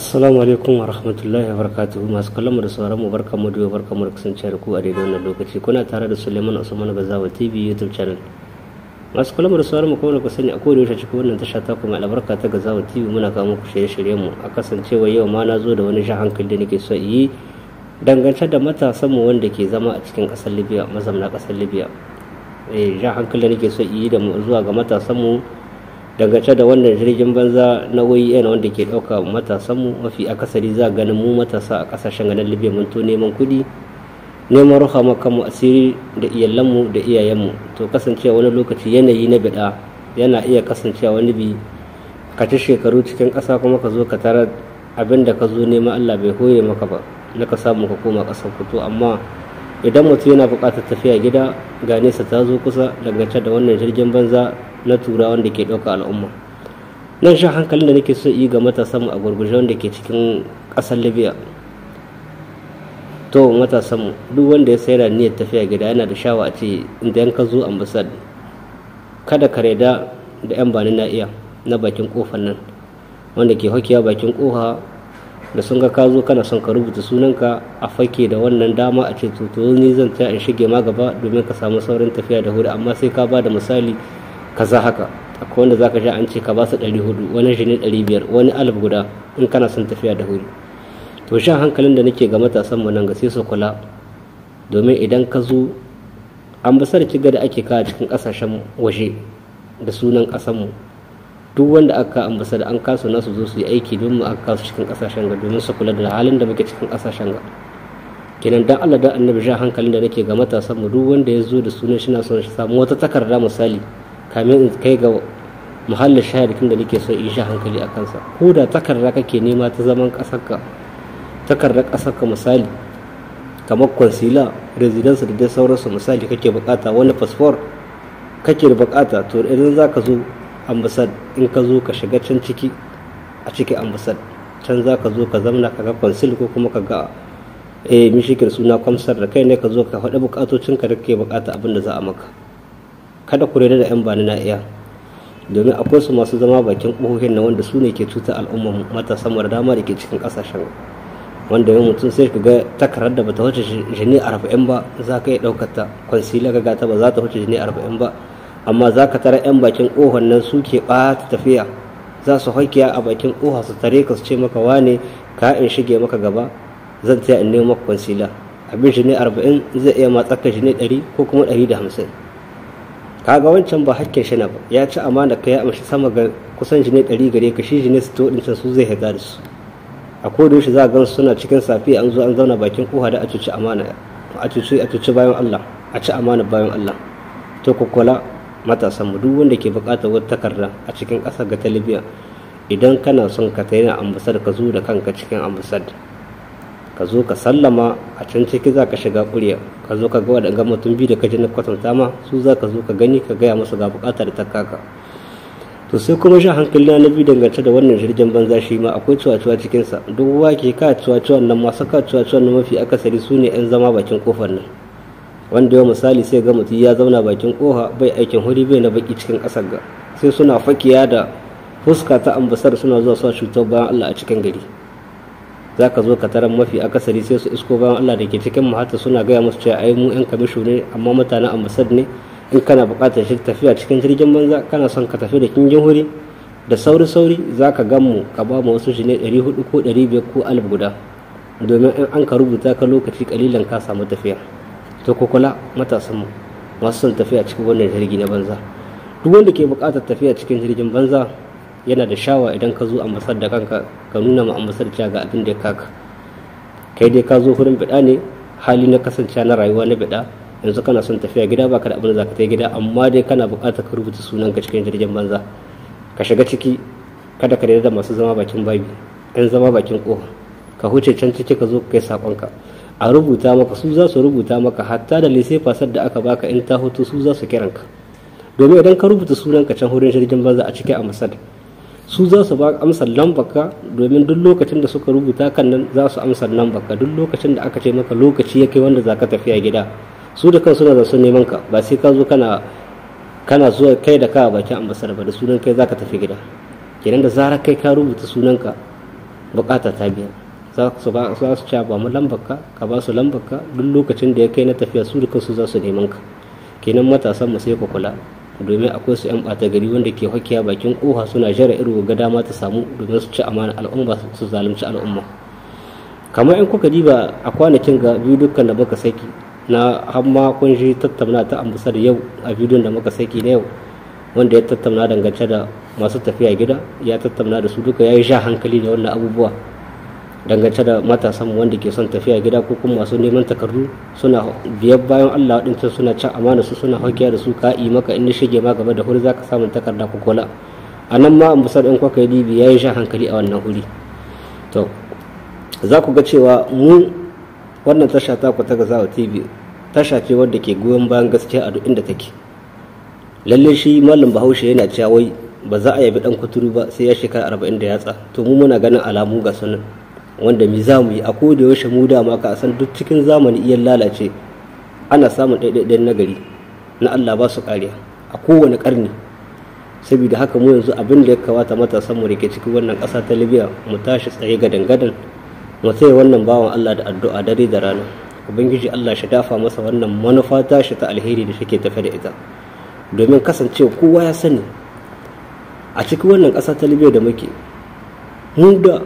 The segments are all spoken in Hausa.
assalamu alaikum wa rahmatullahi wa barakatuhu masu kallon mu da sauran mu barka mu da barka mu da kusance da ku a daidai wannan lokaci kuna tare da Suleiman Usman Bazawa TV YouTube channel masu kallon mu da sauran mu kuma ku sani akwai da wata cikin wannan tasha ta kuma albarka ta Gazawa TV muna kawo muku shirye-shiryen mu a kasancewa yau ma na zo da wani shi hankali da nake so yi dangance da matasan mu wanda ke zama a cikin kasar Libya mazamna kasar Libya eh shi hankali da nake so yi da zuwa ga matasan mu dangance da wannan jirgin banza na yana wanda ke ɗauka matasanmu mafi akasari za ganin mu matasa a ƙasashen ganin libya mun to neman kuɗi neman ruha mu asiri da iyalanmu da iyayenmu to kasancewa wani lokaci yanayi na bida yana iya kasancewa wani bi ka ci shekaru cikin ƙasa kuma ka zo ka tarar abin da ka zo nema allah bai hoye maka ba na ka samu ka koma ƙasar ku to amma idan mutum yana buƙatar tafiya gida ga nesa ta zo kusa dangance da wannan jirgin banza na tura wanda ke ɗauka al'umma nan shan hankalin da nake so yi ga matasanmu a gurguje wanda ke cikin ƙasar libya to matasanmu duk wanda ya sayar da niyyar tafiya gida yana da shawa a ce idan ka zo ambasad kada ka reda da 'yan bani na iya na bakin kofar nan wanda ke hakiya bakin kofa da sun ga ka zo kana son ka rubuta sunanka a fake da wannan dama a ce to ni zan ta in shige ma gaba domin ka samu saurin tafiya da hudu amma sai ka ba da misali kaza haka akwai wanda zaka sha an ce ka ba su ɗari hudu wani shi ne ɗari biyar wani alif guda in kana son tafiya da hudu to shan hankalin da nake ga matasan mu nan ga sai su kula domin idan ka zo an ki ga da ake kawo cikin ƙasashen waje da sunan ƙasanmu. duk wanda aka ambasa da an kasu na su zo su yi aiki don mu aka kasu cikin kasashen ga domin su kula da halin da muke cikin kasashen ga kenan dan Allah dan annabi ja hankalin da nake ga matasan mu duk wanda ya zo da sunan shi na son shi samu wata takarda misali kamin in kai ga muhallin kin da nake so in sha hankali a kansa ko da takarda kake nema ta zaman kasarka takardar kasarka misali kamar consular residence da dai sauransu misali kake bukata wani passport kake da bukata to idan zaka zo ambasad in ka zo ka shiga can ciki a ciki ambasad can za ka zo ka zamna ka ga consul ko kuma ka ga eh mishikir suna kwamsar da kai ne ka zo ka faɗi ka da ke bukata abin da za a maka kada ku da 'yan bani na iya domin akwai su masu zama bakin ƙofofin na wanda su ne ke cuta al'ummar matasa da dama da ke cikin kasashen. wanda yau mutum sai ka ga takarar da bata wuce jini arba'in ba za ka iya ɗaukata ta kwansila ka gata ba za ta wuce jini arba'in ba amma za ka tara 'yan bakin ƙofar nan suke ɓata tafiya za su haƙiya a bakin ƙofa su tare ka su ce maka wane ka in shige maka gaba zan taya in nemo maka kwansila abin shi ne arba'in zai iya matsaka shi ne ko kuma ɗari da hamsin kaga wancan ba hakkin shi na ba ya ci amana ka ya amshi sama ga kusan shi ne gare ka shi shi ne su to su zai haɗa da su a koda shi za a gan suna cikin safiya an zo an zauna bakin ƙofa da a cuci amana a cuci bayan Allah a ci amana bayan Allah to kokola matasan mu duk wanda ke buƙatar wata takarda a cikin ƙasar ga talibiya idan kana son ka tayi na ka zo da kanka cikin ambasar ka zo ka sallama a can ciki za ka shiga ƙuriya ka zo ka ga waɗanga mutum biyu da ka ji na kwatanta ma su za ka zo ka gani ka gaya musu ga buƙatar ta kaka to sai kuma shan hankali na biyu dangance da wannan jirgin banza shi ma akwai cuwa-cuwa cikinsa duk wake ka cuwa-cuwan nan masu ka cuwa-cuwan nan mafi akasari su ne 'yan zama bakin kofar nan wanda yau misali sai ga mutum ya zauna bakin koha bai aikin huri bai na baki cikin ƙasar ga sai suna fakiya da fuska ta ambasar suna zuwa sa cutar bayan Allah a cikin gari za ka zo ka tara mafi akasari sai su isko bayan Allah da ke cikin mahata suna gaya musu cewa ai mu yan kamishu ne amma mutanen ambasar ne in kana buƙatar shi tafiya cikin jirgin banza kana son ka tafi da kingin huri da sauri sauri za ka gan mu ka ba mu wasu shi ne 400 ko 500 ko alif guda domin in an ka rubuta ka lokaci kalilan ka samu tafiya to ku kula matasanmu masu son tafiya cikin wannan jirgi na banza duk wanda ke buƙatar tafiya cikin jirgin banza yana da shawa idan ka zo ambasar da kanka ka nuna ma ambasar cewa ga abin da ya kaka kai dai ka zo hurin bida ne hali na kasancewa na rayuwa na bida yanzu kana son tafiya gida baka da abin da zaka ta gida amma dai kana buƙatar ka rubuta sunan ka cikin jirgin banza ka shiga ciki kada ka da masu zama bakin babi yan zama bakin kofa ka huce can ciki ka zo ka kai sakonka a rubuta maka su za su rubuta maka hatta da lise fasar da aka baka in ta hoto su za su kiranka domin idan ka rubuta sunan ka can hurin jirgin banza a cike a masar su za su ba amsar ka domin duk lokacin da suka rubuta kan nan za su amsar ka duk lokacin da aka ce maka lokaci ya kai wanda za ka tafiya gida su da kansu na zasu neman ka ba sai ka zo kana kana zuwa kai da ka bakin ambasar ba da sunan kai za ka tafi gida kenan da zarar kai ka rubuta sunanka bukata ta biya za su ba za su ba mu lambarka ka ba su lambarka duk lokacin da ya kai na tafiya su duka su za su neman ka kenan matasan mu sai ku kula domin akwai su yan bata gari wanda ke hakiya bakin koha suna jira irin ga dama ta samu domin su ci amana al'umma su zalunci al'umma kamar in kuka diba a kwanakin ga biyu dukkan da baka saki na har kun ji tattauna ta amusar yau a bidiyon da muka saki na yau wanda ya tattauna dangance da masu tafiya gida ya tattauna da su duka ya yi sha hankali da wannan abubuwa dangance da matasan wanda ke son tafiya gida ko kuma masu neman takardu suna biyar bayan Allah waɗancan suna cin amana su suna hakiya da su ka'i maka in shige ma gaba da huri zaka samu takarda ko kola a nan ma ambasar ɗin kwakwai libi ya yi shan hankali a wannan huri to za ku ga cewa mu wannan tasha ta ku ta tv tasha ce wadda ke goyon bayan gaskiya a duk inda take lalle shi mallam bahaushe yana cewa wai ba za a yabi dan kuturu ba sai ya shekara arba'in da yatsa to mu muna ganin alamu ga sunan wanda mi za mu yi a koda yaushe mu dama ka san duk cikin zamani iya lalace ana samun ɗaiɗaiɗen nagari na Allah ba su kariya, a kowane ƙarni saboda haka mu yanzu abin da ya kamata matasan mu rike cikin wannan ƙasa ta Libya mu tashi tsaye ga dangadan mu tsaye wannan bawan Allah da addu'a dare da rana ubangiji Allah shi dafa masa wannan manufa tashi ta alheri da shike tafe da ita domin kasancewa kowa ya sani a cikin wannan ƙasa ta Libya da muke mu da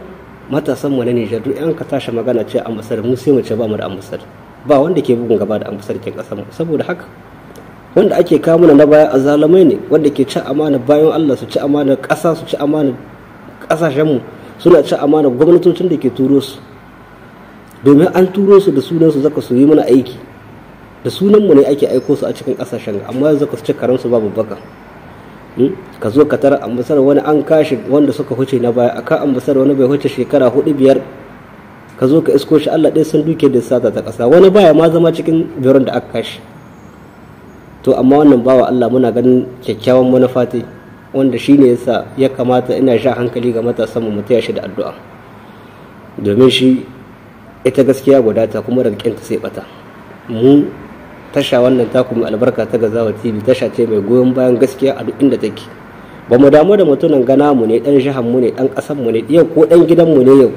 matasan mu na Nijar duk an ka tashi magana ce ambasar mu sai mu ce ba mu da ambasar ba wanda ke bugun gaba da ambasar ke kasar mu saboda haka wanda ake kawo mana na baya azalamai ne wanda ke ci amana bayan Allah su ci amana ƙasa su ci amana kasashen mu suna ci amana gwamnatocin da ke turo su domin an turo su da sunan su zaka su yi mana aiki da sunan mu ne ake aiko su a cikin ƙasashen amma yanzu zaka su ci karansu babu baka Hmm? ka zo ka tara ambasar wani an kashi wanda suka huce na baya akan ambasar wani bai huce shekara hudu biyar ka zo ka isko shi Allah ɗaya sun duke da sata ta ƙasa wani baya ma zama cikin biron da aka kashi to amma wannan bawa Allah muna ganin kyakkyawan manufa wanda shi ne yasa ya kamata ina sha hankali ga matasan mu mutaya shi da addu'a domin shi ita gaskiya guda ta kuma daga sai bata mu tasha wannan taku mai albarka ta gazawa tv tasha ce mai goyon bayan gaskiya a duk inda take ba mu damu da mutumin gana mu ne dan jihar mu ne dan kasan mu ne yau ko dan gidan mu ne yau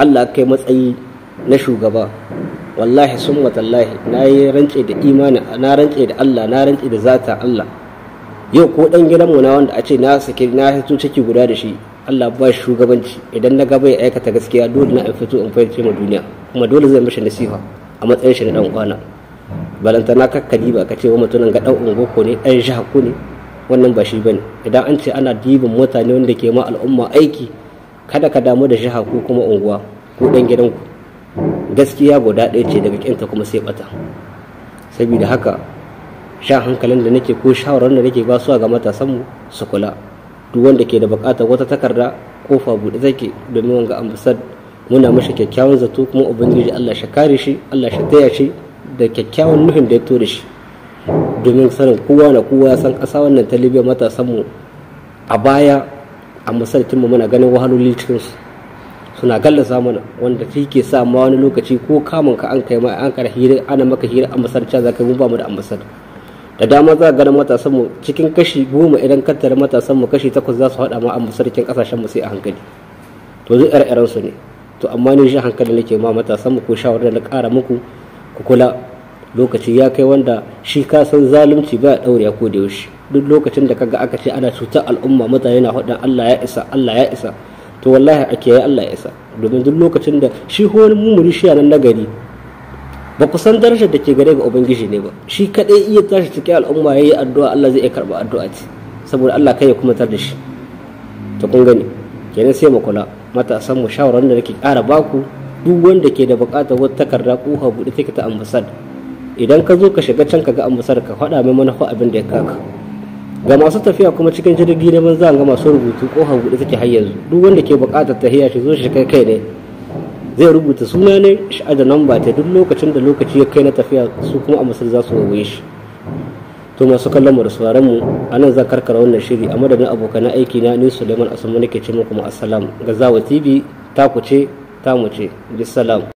Allah kai matsayi na shugaba wallahi sun watallahi na yi rance da imani na rance da Allah na rance da zata Allah yau ko dan gidan mu na wanda a ce na saki na hito ciki guda da shi Allah ba shugabanci idan na gaba ya aikata gaskiya dole na in fito in fahimce ma duniya kuma dole zai mishi nasiha a matsayin shi na dan kwana na kakkadi ba ka ce wa mutumin ga dan ungoko ne ɗan jiha ku ne wannan ba shi bane idan an ce ana dibin mutane wanda ke ma al'umma aiki kada ka damu da jiha ko kuma unguwa ko dan gidanku gaskiya guda ɗaya ce daga kinta kuma sai bata saboda haka sha hankalin da nake ko shawarar da nake ba su ga matasanmu su kula duk wanda ke da bukatar wata takarda kofa buɗe take domin wanga ambasad muna mashi kyakkyawan zato kuma ubangiji Allah shi kare shi Allah shi taya da kyakkyawan nufin da ya tura shi domin sanin kowa na kowa ya san ƙasa wannan ta libya matasanmu a baya a masarautinmu muna ganin wahaloli su suna gallasa mana wanda ta ke sa ma wani lokaci ko kamun ka an kai ma an kar hira ana maka hira ambasarci za ka mu ba mu da ambasar da dama za ka ganin matasan mu cikin kashi goma idan ka tare matasan mu kashi takwas za su haɗa ma ambasarkin kasashen mu sai a hankali to zai ire ne to amma ni shi hankali nake ma matasan mu ko shawarar da na ƙara muku ku kula lokaci ya kai wanda shi ka san zalunci ba daure ko da yaushe duk lokacin da kaga aka ce ana cutar al'umma mutane na hudan Allah ya isa Allah ya isa to wallahi a yi Allah ya isa domin duk lokacin da shi wani mumuri shi nan nagari ba ku san darajar da ke gare ga ubangiji ne ba shi kadai iya tashi cikin al'umma ya yi addu'a Allah zai iya karba addu'a ce saboda Allah kai ya kuma tar da shi to kun gani kenan sai mu kula matasan mu shawaran da nake ƙara baku duk wanda ke da bukatar wata takarda ha buɗe take ta ambasad idan ka zo ka shiga can ka ga ambasad ka faɗa mai manufa abin da ya kaka ga masu tafiya kuma cikin jirgi na banza ga masu rubutu ko ha buɗe take har yanzu duk wanda ke buƙatar tahiya shi zo shi kai kai ne zai rubuta suna ne shi da namba ta duk lokacin da lokaci ya kai na tafiya su kuma ambasad za su wawaye shi to masu kallon mu da mu anan za karkara wannan shiri a madadin abokan aiki na ni Suleiman Asman nake ce muku assalam ga Zawa TV ta ku ce ta mu ce salam.